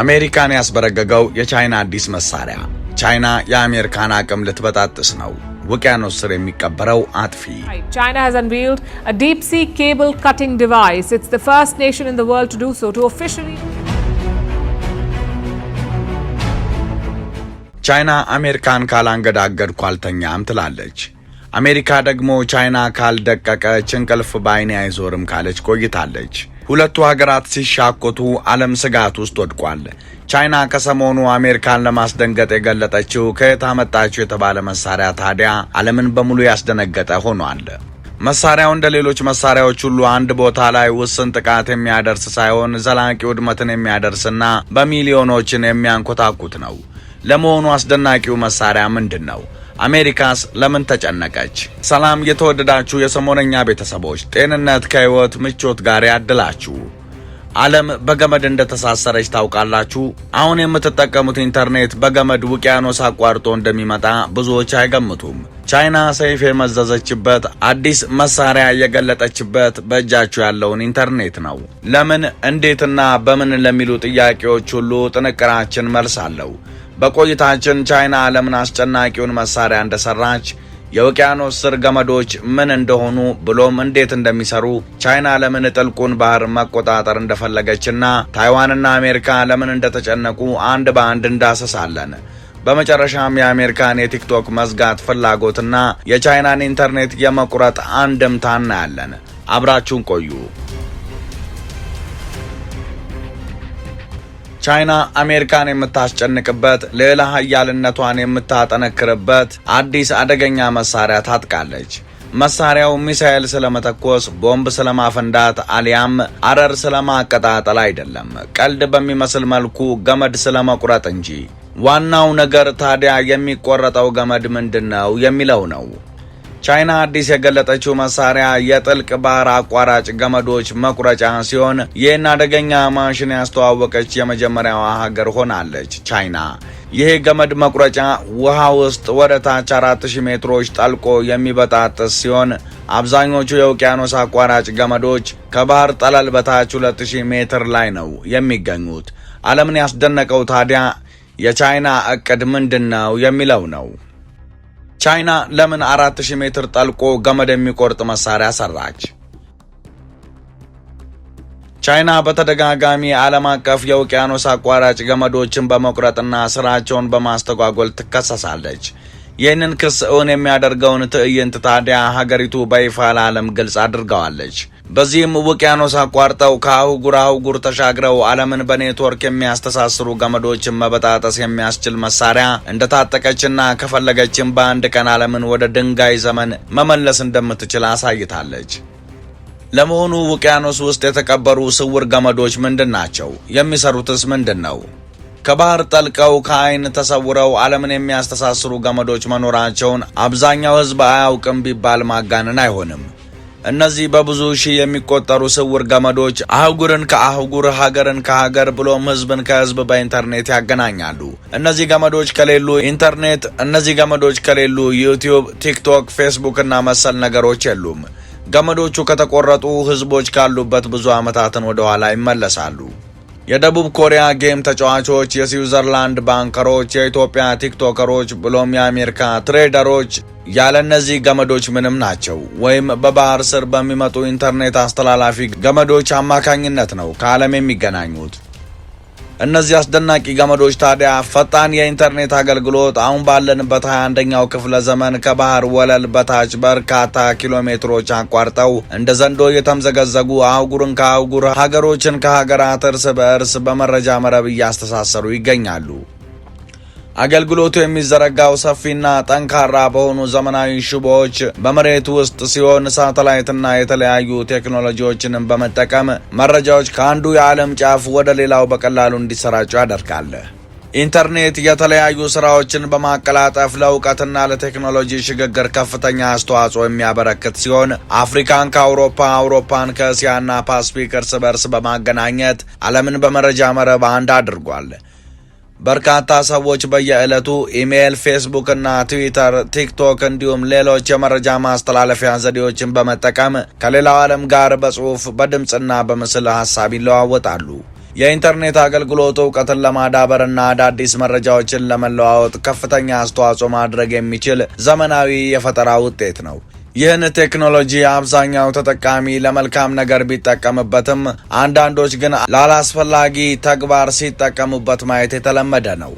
አሜሪካን ያስበረገገው የቻይና አዲስ መሳሪያ። ቻይና የአሜሪካን አቅም ልትበጣጥስ ነው። ውቅያኖስ ስር የሚቀበረው አጥፊ ቻይና ሃዝ አንቪልድ አ ዲፕ ሲ ኬብል ካቲንግ ዲቫይስ ኢትስ ዘ ፈርስት ኔሽን ኢን ዘ ወርልድ ቱ ዱ ሶ ቱ ኦፊሻሊ ቻይና አሜሪካን ካላንገዳገድኩ አልተኛም ትላለች። አሜሪካ ደግሞ ቻይና ካልደቀቀች እንቅልፍ በዓይኔ አይዞርም ካለች ቆይታለች። ሁለቱ ሀገራት ሲሻኮቱ ዓለም ስጋት ውስጥ ወድቋል። ቻይና ከሰሞኑ አሜሪካን ለማስደንገጥ የገለጠችው ከየት አመጣችው የተባለ መሳሪያ ታዲያ ዓለምን በሙሉ ያስደነገጠ ሆኗል። መሳሪያው እንደ ሌሎች መሳሪያዎች ሁሉ አንድ ቦታ ላይ ውስን ጥቃት የሚያደርስ ሳይሆን ዘላቂ ውድመትን የሚያደርስና በሚሊዮኖችን የሚያንኮታኩት ነው። ለመሆኑ አስደናቂው መሳሪያ ምንድን ነው? አሜሪካስ ለምን ተጨነቀች? ሰላም የተወደዳችሁ የሰሞነኛ ቤተሰቦች፣ ጤንነት ከህይወት ምቾት ጋር ያድላችሁ። ዓለም በገመድ እንደተሳሰረች ታውቃላችሁ? አሁን የምትጠቀሙት ኢንተርኔት በገመድ ውቅያኖስ አቋርጦ እንደሚመጣ ብዙዎች አይገምቱም። ቻይና ሰይፍ የመዘዘችበት አዲስ መሳሪያ የገለጠችበት በእጃችሁ ያለውን ኢንተርኔት ነው። ለምን እንዴትና በምን ለሚሉ ጥያቄዎች ሁሉ ጥንቅራችን መልስ አለው። በቆይታችን ቻይና ለምን አስጨናቂውን መሳሪያ እንደሰራች የውቅያኖስ ስር ገመዶች ምን እንደሆኑ ብሎም እንዴት እንደሚሰሩ ቻይና ለምን ጥልቁን ባህር መቆጣጠር እንደፈለገችና ታይዋንና አሜሪካ ለምን እንደተጨነቁ አንድ በአንድ እንዳሰሳለን። በመጨረሻም የአሜሪካን የቲክቶክ መዝጋት ፍላጎትና የቻይናን ኢንተርኔት የመቁረጥ አንድምታ እናያለን። አብራችሁን ቆዩ። ቻይና አሜሪካን የምታስጨንቅበት ልዕለ ሀያልነቷን የምታጠነክርበት አዲስ አደገኛ መሳሪያ ታጥቃለች። መሳሪያው ሚሳኤል ስለመተኮስ፣ ቦምብ ስለማፈንዳት አሊያም አረር ስለማቀጣጠል አይደለም፣ ቀልድ በሚመስል መልኩ ገመድ ስለመቁረጥ እንጂ። ዋናው ነገር ታዲያ የሚቆረጠው ገመድ ምንድን ነው የሚለው ነው። ቻይና አዲስ የገለጠችው መሳሪያ የጥልቅ ባህር አቋራጭ ገመዶች መቁረጫ ሲሆን ይህን አደገኛ ማሽን ያስተዋወቀች የመጀመሪያዋ ሀገር ሆናለች ቻይና። ይህ ገመድ መቁረጫ ውሃ ውስጥ ወደ ታች 4000 ሜትሮች ጠልቆ የሚበጣጥስ ሲሆን አብዛኞቹ የውቅያኖስ አቋራጭ ገመዶች ከባህር ጠለል በታች 2000 ሜትር ላይ ነው የሚገኙት። ዓለምን ያስደነቀው ታዲያ የቻይና እቅድ ምንድን ነው የሚለው ነው። ቻይና ለምን 4000 ሜትር ጠልቆ ገመድ የሚቆርጥ መሳሪያ ሰራች? ቻይና በተደጋጋሚ ዓለም አቀፍ የውቅያኖስ አቋራጭ ገመዶችን በመቁረጥና ስራቸውን በማስተጓጎል ትከሰሳለች። ይህንን ክስ እውን የሚያደርገውን ትዕይንት ታዲያ ሀገሪቱ በይፋ ለዓለም ግልጽ አድርገዋለች። በዚህም ውቅያኖስ አቋርጠው ከአህጉር አህጉር ተሻግረው ዓለምን በኔትወርክ የሚያስተሳስሩ ገመዶችን መበጣጠስ የሚያስችል መሳሪያ እንደታጠቀችና ከፈለገችም በአንድ ቀን ዓለምን ወደ ድንጋይ ዘመን መመለስ እንደምትችል አሳይታለች። ለመሆኑ ውቅያኖስ ውስጥ የተቀበሩ ስውር ገመዶች ምንድን ናቸው? የሚሰሩትስ ምንድን ነው? ከባህር ጠልቀው ከአይን ተሰውረው ዓለምን የሚያስተሳስሩ ገመዶች መኖራቸውን አብዛኛው ሕዝብ አያውቅም ቢባል ማጋነን አይሆንም። እነዚህ በብዙ ሺህ የሚቆጠሩ ስውር ገመዶች አህጉርን ከአህጉር ሀገርን ከሀገር ብሎም ህዝብን ከህዝብ በኢንተርኔት ያገናኛሉ። እነዚህ ገመዶች ከሌሉ ኢንተርኔት እነዚህ ገመዶች ከሌሉ ዩቲዩብ፣ ቲክቶክ፣ ፌስቡክ እና መሰል ነገሮች የሉም። ገመዶቹ ከተቆረጡ ህዝቦች ካሉበት ብዙ ዓመታትን ወደኋላ ይመለሳሉ። የደቡብ ኮሪያ ጌም ተጫዋቾች፣ የስዊዘርላንድ ባንከሮች፣ የኢትዮጵያ ቲክቶከሮች ብሎም የአሜሪካ ትሬደሮች ያለ እነዚህ ገመዶች ምንም ናቸው ወይም በባህር ስር በሚመጡ ኢንተርኔት አስተላላፊ ገመዶች አማካኝነት ነው ከዓለም የሚገናኙት። እነዚህ አስደናቂ ገመዶች ታዲያ ፈጣን የኢንተርኔት አገልግሎት አሁን ባለንበት 21ኛው ክፍለ ዘመን ከባህር ወለል በታች በርካታ ኪሎ ሜትሮች አቋርጠው እንደ ዘንዶ የተምዘገዘጉ አህጉርን ከአህጉር ሀገሮችን ከሀገራት እርስ በእርስ በመረጃ መረብ እያስተሳሰሩ ይገኛሉ። አገልግሎቱ የሚዘረጋው ሰፊና ጠንካራ በሆኑ ዘመናዊ ሽቦዎች በመሬት ውስጥ ሲሆን ሳተላይትና የተለያዩ ቴክኖሎጂዎችንም በመጠቀም መረጃዎች ከአንዱ የዓለም ጫፍ ወደ ሌላው በቀላሉ እንዲሰራጩ ያደርጋል። ኢንተርኔት የተለያዩ ስራዎችን በማቀላጠፍ ለእውቀትና ለቴክኖሎጂ ሽግግር ከፍተኛ አስተዋጽኦ የሚያበረክት ሲሆን አፍሪካን ከአውሮፓ፣ አውሮፓን ከእስያና ፓስፊክ እርስ በርስ በማገናኘት ዓለምን በመረጃ መረብ አንድ አድርጓል። በርካታ ሰዎች በየዕለቱ ኢሜይል፣ ፌስቡክ እና ትዊተር፣ ቲክቶክ እንዲሁም ሌሎች የመረጃ ማስተላለፊያ ዘዴዎችን በመጠቀም ከሌላው ዓለም ጋር በጽሑፍ በድምፅና በምስል ሀሳብ ይለዋወጣሉ። የኢንተርኔት አገልግሎት እውቀትን ለማዳበርና አዳዲስ መረጃዎችን ለመለዋወጥ ከፍተኛ አስተዋጽኦ ማድረግ የሚችል ዘመናዊ የፈጠራ ውጤት ነው። ይህን ቴክኖሎጂ አብዛኛው ተጠቃሚ ለመልካም ነገር ቢጠቀምበትም አንዳንዶች ግን ላላስፈላጊ ተግባር ሲጠቀሙበት ማየት የተለመደ ነው።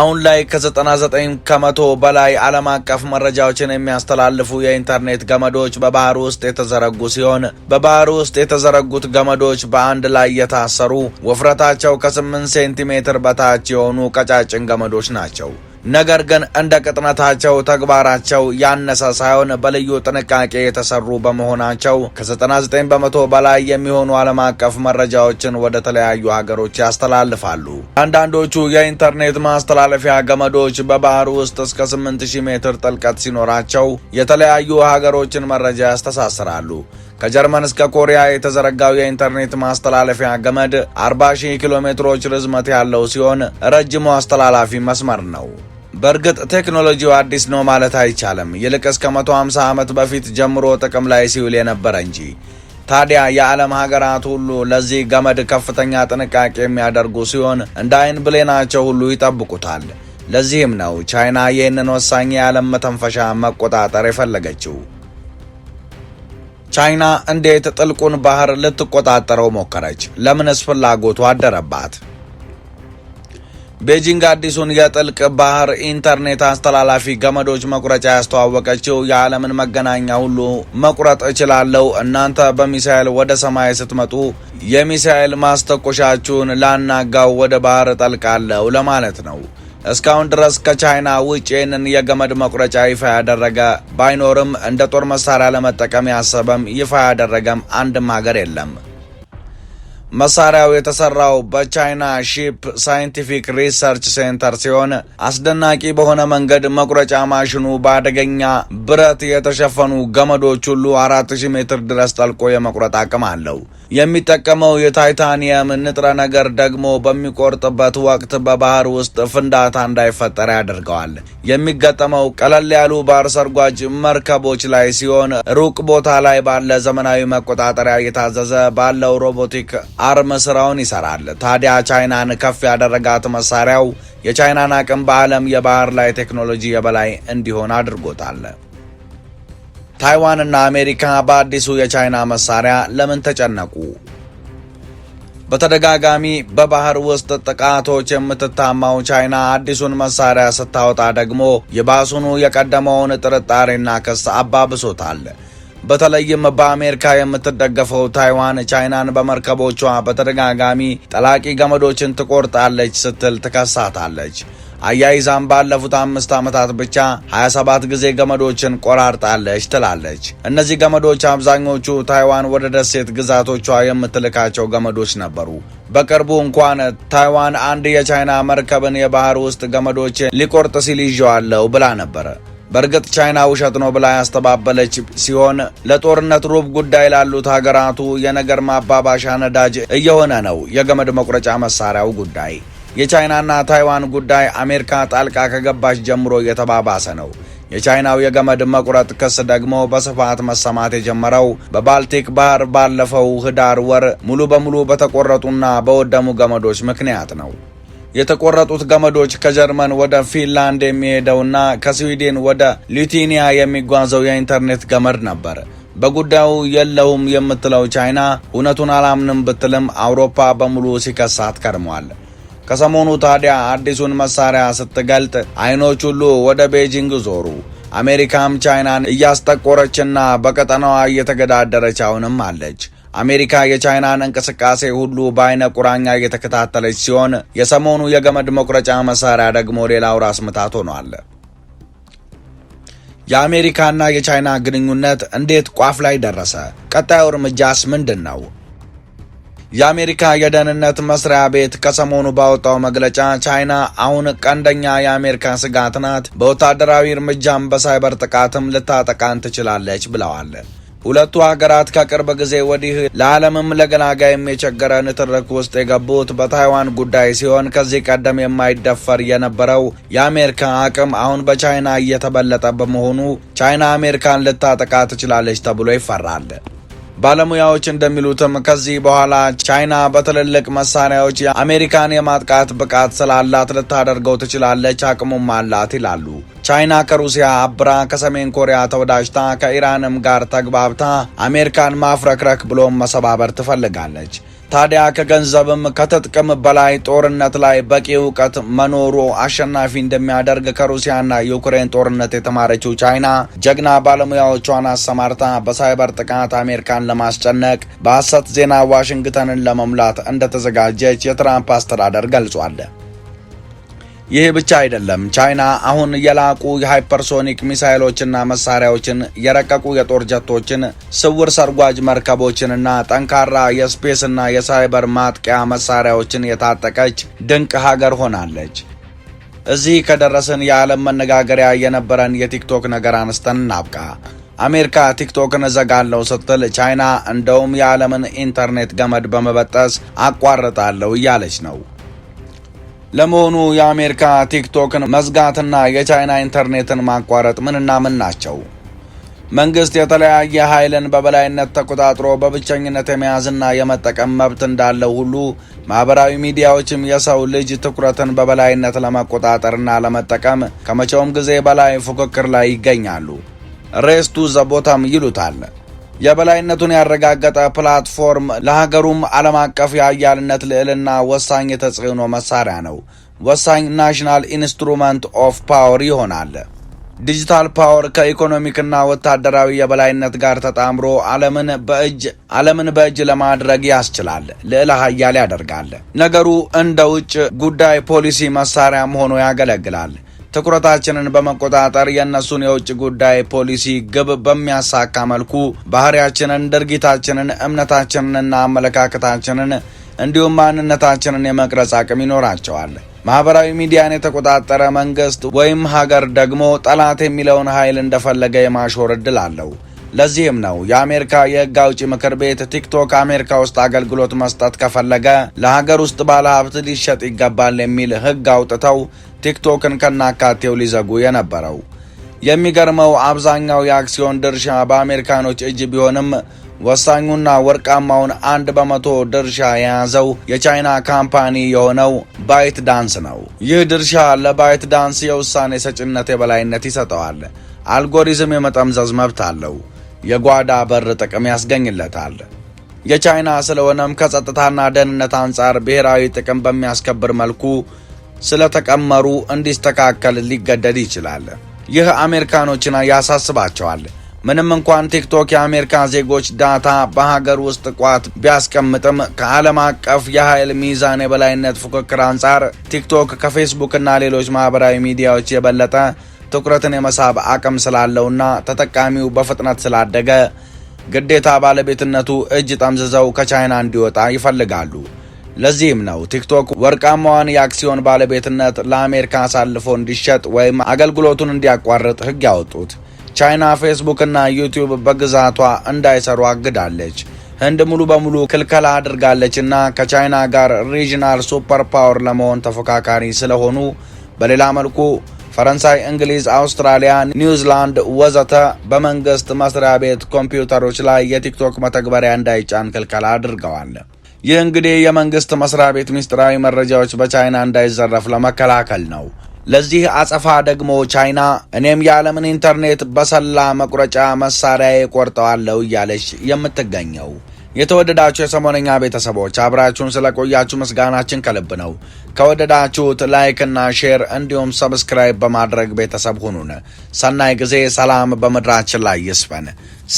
አሁን ላይ ከ99 ከመቶ በላይ ዓለም አቀፍ መረጃዎችን የሚያስተላልፉ የኢንተርኔት ገመዶች በባህር ውስጥ የተዘረጉ ሲሆን በባህር ውስጥ የተዘረጉት ገመዶች በአንድ ላይ የታሰሩ ወፍረታቸው ከ8 ሴንቲሜትር በታች የሆኑ ቀጫጭን ገመዶች ናቸው። ነገር ግን እንደ ቅጥነታቸው ተግባራቸው ያነሰ ሳይሆን በልዩ ጥንቃቄ የተሰሩ በመሆናቸው ከ99 በመቶ በላይ የሚሆኑ ዓለም አቀፍ መረጃዎችን ወደ ተለያዩ ሀገሮች ያስተላልፋሉ። አንዳንዶቹ የኢንተርኔት ማስተላለፊያ ገመዶች በባህር ውስጥ እስከ 8000 ሜትር ጥልቀት ሲኖራቸው የተለያዩ ሀገሮችን መረጃ ያስተሳስራሉ። ከጀርመን እስከ ኮሪያ የተዘረጋው የኢንተርኔት ማስተላለፊያ ገመድ 40 ሺህ ኪሎ ሜትሮች ርዝመት ያለው ሲሆን ረጅሙ አስተላላፊ መስመር ነው። በእርግጥ ቴክኖሎጂው አዲስ ነው ማለት አይቻልም። ይልቅ እስከ 150 ዓመት በፊት ጀምሮ ጥቅም ላይ ሲውል የነበረ እንጂ። ታዲያ የዓለም ሀገራት ሁሉ ለዚህ ገመድ ከፍተኛ ጥንቃቄ የሚያደርጉ ሲሆን እንደ አይን ብሌናቸው ሁሉ ይጠብቁታል። ለዚህም ነው ቻይና ይህንን ወሳኝ የዓለም መተንፈሻ መቆጣጠር የፈለገችው። ቻይና እንዴት ጥልቁን ባህር ልትቆጣጠረው ሞከረች? ለምንስ ፍላጎቱ አደረባት? ቤጂንግ አዲሱን የጥልቅ ባህር ኢንተርኔት አስተላላፊ ገመዶች መቁረጫ ያስተዋወቀችው የዓለምን መገናኛ ሁሉ መቁረጥ እችላለሁ፣ እናንተ በሚሳኤል ወደ ሰማይ ስትመጡ የሚሳኤል ማስተኮሻችሁን ላናጋው ወደ ባህር እጠልቃለሁ ለማለት ነው። እስካሁን ድረስ ከቻይና ውጭ ይህንን የገመድ መቁረጫ ይፋ ያደረገ ባይኖርም እንደ ጦር መሳሪያ ለመጠቀም ያሰበም ይፋ ያደረገም አንድም ሀገር የለም። መሳሪያው የተሰራው በቻይና ሺፕ ሳይንቲፊክ ሪሰርች ሴንተር ሲሆን አስደናቂ በሆነ መንገድ መቁረጫ ማሽኑ በአደገኛ ብረት የተሸፈኑ ገመዶች ሁሉ 400 ሜትር ድረስ ጠልቆ የመቁረጥ አቅም አለው። የሚጠቀመው የታይታኒየም ንጥረ ነገር ደግሞ በሚቆርጥበት ወቅት በባህር ውስጥ ፍንዳታ እንዳይፈጠር ያደርገዋል። የሚገጠመው ቀለል ያሉ ባህር ሰርጓጅ መርከቦች ላይ ሲሆን ሩቅ ቦታ ላይ ባለ ዘመናዊ መቆጣጠሪያ እየታዘዘ ባለው ሮቦቲክ አርም ስራውን ይሰራል። ታዲያ ቻይናን ከፍ ያደረጋት መሳሪያው የቻይናን አቅም በዓለም የባህር ላይ ቴክኖሎጂ የበላይ እንዲሆን አድርጎታል። ታይዋንና አሜሪካ በአዲሱ የቻይና መሳሪያ ለምን ተጨነቁ? በተደጋጋሚ በባህር ውስጥ ጥቃቶች የምትታማው ቻይና አዲሱን መሳሪያ ስታወጣ ደግሞ የባሱኑ የቀደመውን ጥርጣሬና ክስ አባብሶታል። በተለይም በአሜሪካ የምትደገፈው ታይዋን ቻይናን በመርከቦቿ በተደጋጋሚ ጠላቂ ገመዶችን ትቆርጣለች ስትል ትከሳታለች። አያይዛም ባለፉት አምስት ዓመታት ብቻ 27 ጊዜ ገመዶችን ቆራርጣለች ትላለች። እነዚህ ገመዶች አብዛኞቹ ታይዋን ወደ ደሴት ግዛቶቿ የምትልካቸው ገመዶች ነበሩ። በቅርቡ እንኳን ታይዋን አንድ የቻይና መርከብን የባህር ውስጥ ገመዶች ሊቆርጥ ሲል ይዤዋለሁ ብላ ነበረ። በእርግጥ ቻይና ውሸት ነው ብላ ያስተባበለች ሲሆን ለጦርነት ሩብ ጉዳይ ላሉት ሀገራቱ የነገር ማባባሻ ነዳጅ እየሆነ ነው የገመድ መቁረጫ መሳሪያው ጉዳይ። የቻይናና ታይዋን ጉዳይ አሜሪካ ጣልቃ ከገባች ጀምሮ እየተባባሰ ነው። የቻይናው የገመድ መቁረጥ ክስ ደግሞ በስፋት መሰማት የጀመረው በባልቲክ ባህር ባለፈው ህዳር ወር ሙሉ በሙሉ በተቆረጡና በወደሙ ገመዶች ምክንያት ነው። የተቆረጡት ገመዶች ከጀርመን ወደ ፊንላንድ የሚሄደውና ከስዊድን ወደ ሊቱዌኒያ የሚጓዘው የኢንተርኔት ገመድ ነበር። በጉዳዩ የለውም የምትለው ቻይና እውነቱን አላምንም ብትልም አውሮፓ በሙሉ ሲከሳት ከርሟል። ከሰሞኑ ታዲያ አዲሱን መሳሪያ ስትገልጥ አይኖች ሁሉ ወደ ቤጂንግ ዞሩ። አሜሪካም ቻይናን እያስጠቆረችና በቀጠናዋ እየተገዳደረች አሁንም አለች። አሜሪካ የቻይናን እንቅስቃሴ ሁሉ በአይነ ቁራኛ እየተከታተለች ሲሆን የሰሞኑ የገመድ መቁረጫ መሳሪያ ደግሞ ሌላው ራስ ምታት ሆኗል። የአሜሪካና የቻይና ግንኙነት እንዴት ቋፍ ላይ ደረሰ? ቀጣዩ እርምጃስ ምንድን ነው? የአሜሪካ የደህንነት መስሪያ ቤት ከሰሞኑ ባወጣው መግለጫ ቻይና አሁን ቀንደኛ የአሜሪካ ስጋት ናት፣ በወታደራዊ እርምጃም በሳይበር ጥቃትም ልታጠቃን ትችላለች ብለዋል። ሁለቱ ሀገራት ከቅርብ ጊዜ ወዲህ ለዓለምም ለገላጋይም የቸገረ ንትርክ ውስጥ የገቡት በታይዋን ጉዳይ ሲሆን ከዚህ ቀደም የማይደፈር የነበረው የአሜሪካ አቅም አሁን በቻይና እየተበለጠ በመሆኑ ቻይና አሜሪካን ልታጠቃ ትችላለች ተብሎ ይፈራል። ባለሙያዎች እንደሚሉትም ከዚህ በኋላ ቻይና በትልልቅ መሳሪያዎች የአሜሪካን የማጥቃት ብቃት ስላላት ልታደርገው ትችላለች፣ አቅሙም አላት ይላሉ። ቻይና ከሩሲያ አብራ ከሰሜን ኮሪያ ተወዳጅታ ከኢራንም ጋር ተግባብታ አሜሪካን ማፍረክረክ ብሎም መሰባበር ትፈልጋለች። ታዲያ ከገንዘብም ከትጥቅም በላይ ጦርነት ላይ በቂ እውቀት መኖሩ አሸናፊ እንደሚያደርግ ከሩሲያና ዩክሬን ጦርነት የተማረችው ቻይና ጀግና ባለሙያዎቿን አሰማርታ በሳይበር ጥቃት አሜሪካን ለማስጨነቅ በሐሰት ዜና ዋሽንግተንን ለመሙላት እንደተዘጋጀች የትራምፕ አስተዳደር ገልጿል። ይህ ብቻ አይደለም። ቻይና አሁን የላቁ የሃይፐርሶኒክ ሚሳይሎችና መሳሪያዎችን፣ የረቀቁ የጦር ጀቶችን፣ ስውር ሰርጓጅ መርከቦችንና ጠንካራ የስፔስና የሳይበር ማጥቂያ መሳሪያዎችን የታጠቀች ድንቅ ሀገር ሆናለች። እዚህ ከደረስን የዓለም መነጋገሪያ የነበረን የቲክቶክ ነገር አነስተን እናብቃ። አሜሪካ ቲክቶክን እዘጋለሁ ስትል ቻይና እንደውም የዓለምን ኢንተርኔት ገመድ በመበጠስ አቋርጣለሁ እያለች ነው። ለመሆኑ የአሜሪካ ቲክቶክን መዝጋትና የቻይና ኢንተርኔትን ማቋረጥ ምንና ምን ናቸው? መንግስት የተለያየ ኃይልን በበላይነት ተቆጣጥሮ በብቸኝነት የመያዝና የመጠቀም መብት እንዳለው ሁሉ ማህበራዊ ሚዲያዎችም የሰው ልጅ ትኩረትን በበላይነት ለመቆጣጠርና ለመጠቀም ከመቼውም ጊዜ በላይ ፉክክር ላይ ይገኛሉ። ሬስቱ ዘቦታም ይሉታል። የበላይነቱን ያረጋገጠ ፕላትፎርም ለሀገሩም ዓለም አቀፍ የአያልነት ልዕልና ወሳኝ የተጽዕኖ መሳሪያ ነው። ወሳኝ ናሽናል ኢንስትሩመንት ኦፍ ፓወር ይሆናል። ዲጂታል ፓወር ከኢኮኖሚክና ወታደራዊ የበላይነት ጋር ተጣምሮ ዓለምን በእጅ ዓለምን በእጅ ለማድረግ ያስችላል፣ ልዕለ ሀያል ያደርጋል። ነገሩ እንደ ውጭ ጉዳይ ፖሊሲ መሳሪያም ሆኖ ያገለግላል። ትኩረታችንን በመቆጣጠር የእነሱን የውጭ ጉዳይ ፖሊሲ ግብ በሚያሳካ መልኩ ባህሪያችንን፣ ድርጊታችንን፣ እምነታችንንና አመለካከታችንን እንዲሁም ማንነታችንን የመቅረጽ አቅም ይኖራቸዋል። ማህበራዊ ሚዲያን የተቆጣጠረ መንግስት ወይም ሀገር ደግሞ ጠላት የሚለውን ኃይል እንደፈለገ የማሾር እድል አለው። ለዚህም ነው የአሜሪካ የህግ አውጪ ምክር ቤት ቲክቶክ አሜሪካ ውስጥ አገልግሎት መስጠት ከፈለገ ለሀገር ውስጥ ባለሀብት ሊሸጥ ይገባል የሚል ህግ አውጥተው ቲክቶክን ከናካቴው ሊዘጉ የነበረው። የሚገርመው አብዛኛው የአክሲዮን ድርሻ በአሜሪካኖች እጅ ቢሆንም ወሳኙና ወርቃማውን አንድ በመቶ ድርሻ የያዘው የቻይና ካምፓኒ የሆነው ባይት ዳንስ ነው። ይህ ድርሻ ለባይት ዳንስ የውሳኔ ሰጭነት የበላይነት ይሰጠዋል። አልጎሪዝም የመጠምዘዝ መብት አለው። የጓዳ በር ጥቅም ያስገኝለታል። የቻይና ስለሆነም ከጸጥታና ደህንነት አንጻር ብሔራዊ ጥቅም በሚያስከብር መልኩ ስለተቀመሩ እንዲስተካከል ሊገደድ ይችላል። ይህ አሜሪካኖችን ያሳስባቸዋል። ምንም እንኳን ቲክቶክ የአሜሪካ ዜጎች ዳታ በሀገር ውስጥ ቋት ቢያስቀምጥም ከዓለም አቀፍ የኃይል ሚዛን የበላይነት ፉክክር አንጻር ቲክቶክ ከፌስቡክና ሌሎች ማኅበራዊ ሚዲያዎች የበለጠ ትኩረትን የመሳብ አቅም ስላለውና ተጠቃሚው በፍጥነት ስላደገ ግዴታ ባለቤትነቱ እጅ ጠምዝዘው ከቻይና እንዲወጣ ይፈልጋሉ። ለዚህም ነው ቲክቶክ ወርቃማዋን የአክሲዮን ባለቤትነት ለአሜሪካ አሳልፎ እንዲሸጥ ወይም አገልግሎቱን እንዲያቋርጥ ሕግ ያወጡት። ቻይና ፌስቡክና ዩቲዩብ በግዛቷ እንዳይሰሩ አግዳለች። ህንድ ሙሉ በሙሉ ክልከላ አድርጋለችና ከቻይና ጋር ሪጂናል ሱፐር ፓወር ለመሆን ተፎካካሪ ስለሆኑ በሌላ መልኩ ፈረንሳይ፣ እንግሊዝ፣ አውስትራሊያ፣ ኒውዚላንድ ወዘተ በመንግስት መስሪያ ቤት ኮምፒውተሮች ላይ የቲክቶክ መተግበሪያ እንዳይጫን ክልከላ አድርገዋል። ይህ እንግዲህ የመንግስት መስሪያ ቤት ምስጢራዊ መረጃዎች በቻይና እንዳይዘረፍ ለመከላከል ነው። ለዚህ አጸፋ ደግሞ ቻይና እኔም የዓለምን ኢንተርኔት በሰላ መቁረጫ መሳሪያ ቆርጠዋለሁ እያለች የምትገኘው። የተወደዳችሁ የሰሞነኛ ቤተሰቦች አብራችሁን ስለቆያችሁ ምስጋናችን ከልብ ነው። ከወደዳችሁት ላይክና ሼር እንዲሁም ሰብስክራይብ በማድረግ ቤተሰብ ሁኑን። ሰናይ ጊዜ። ሰላም በምድራችን ላይ ይስፈን።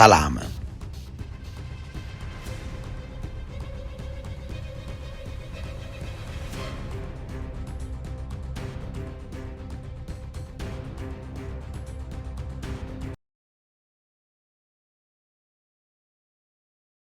ሰላም